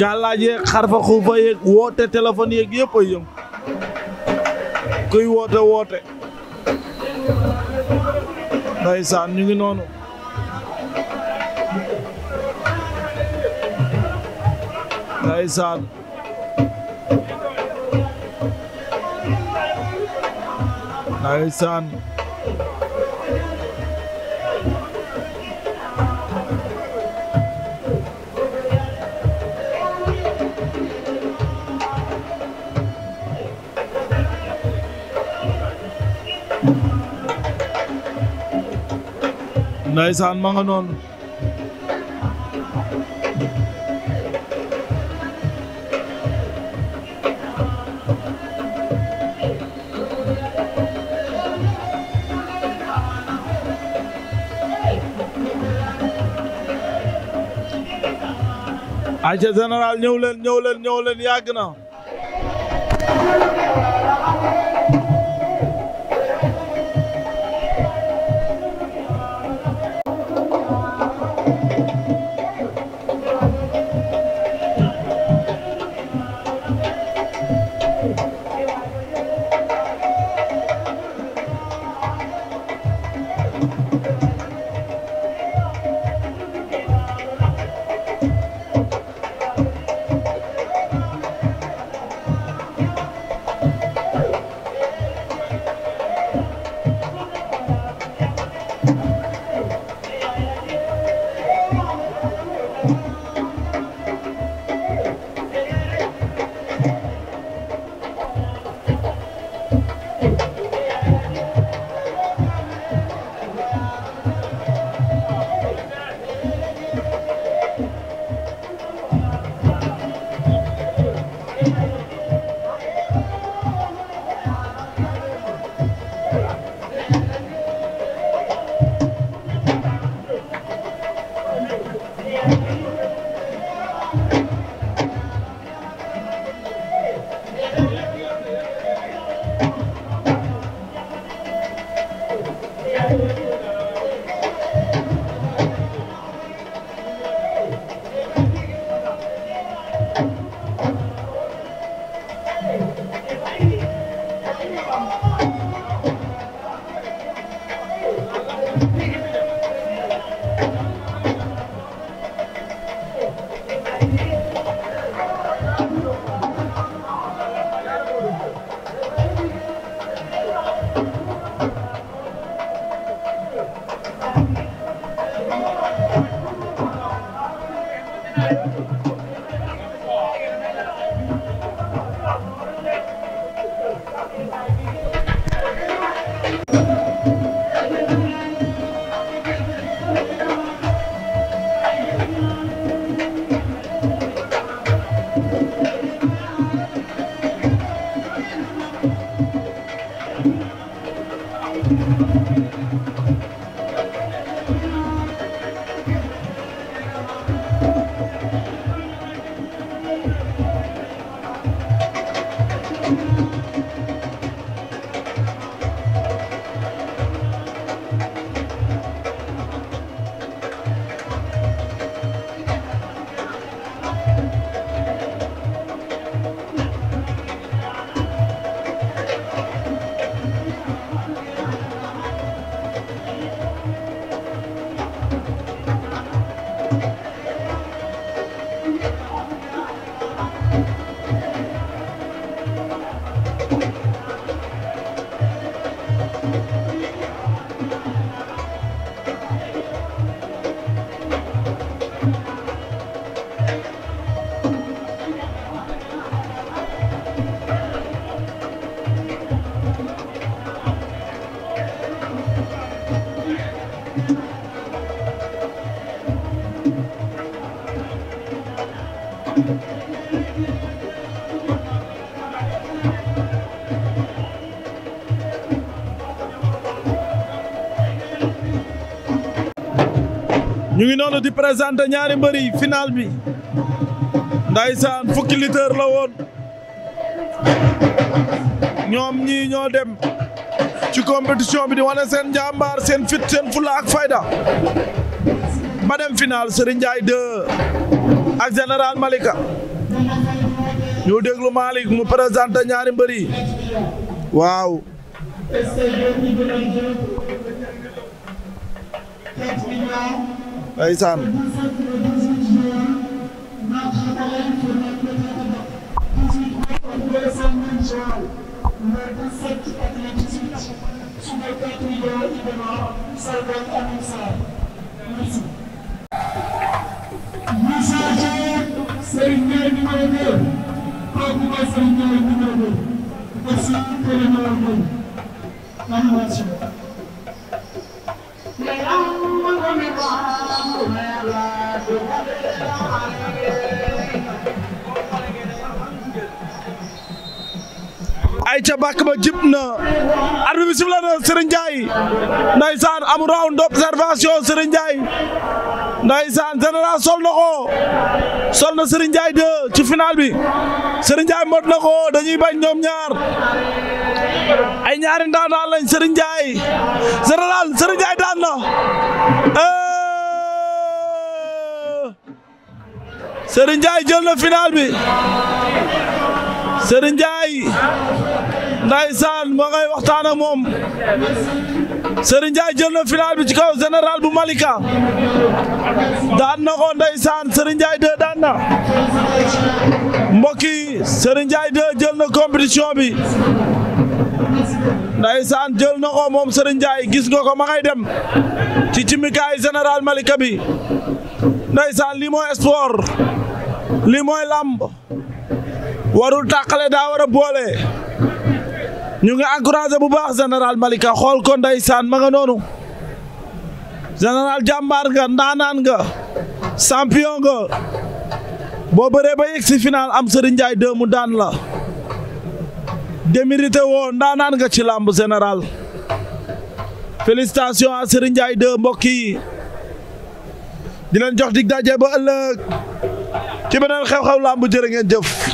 gàllaaj yeeg xarfa xuufa yeeg woote téléphone yeeg yëpp a yëm kuy woote woote ndeysaan ñu ngi noonu ndeysaan ndeysaan Ndeysaan ma nga noonu. ayca général ñëw leen ñëw leen ñëw leen yàgg na. ñu ngi noonu di présenté ñaari mbëri final bi ndaysaan fukki litre la woon ñoom ñii ñoo dem ci compétition bi di wane seen njàmbaar seen fit seen fula ak fayda ba dem final Serigne Ndiaye 2 ak général Malika ñu déglu Malick mu présenté ñaari mbëri waaw ndeysaan Thank ay ca bàkk ba jib na arbi bi sifla na Serigne Ndiaye ndeysaan am round d'observation Serigne Ndiaye ndeysaan général sol na ko sol na Serigne Ndiaye ci final bi Serigne Ndiaye mot na ko dañuy bañ ñoom ñaar ay ñaari ndaanaan lañ Serigne Ndiaye général Serigne eh! jël na final bi Serigne Ndiaye ndaysaan moo ngay moom Serigne jël na final bi ci kaw général bu Malika daan na ko ndaysaan Serigne Ndiaye de daan na mbokk jël na compétition bi ndaysaan jël na ko moom Serigne gis nga ko ma ngay dem ci cimikaay général Malika bi ndaysaan lii mooy sport lii mooy lamb warul tàqale daa war boole ñu ngi encouragé bu baax général Malika xool ko ndaysaan ma nga noonu général nga ndaanaan nga champion nga boo bëree ba yegg si final am Serigne Ndiaye deux daan la démérité woo ndaanaan nga ci làmb général félicitations à Serigne Ndiaye 2 mbokk yi di jox dig daje ba ëllëg ci beneen xew-xew làmb jërë ngeen jëf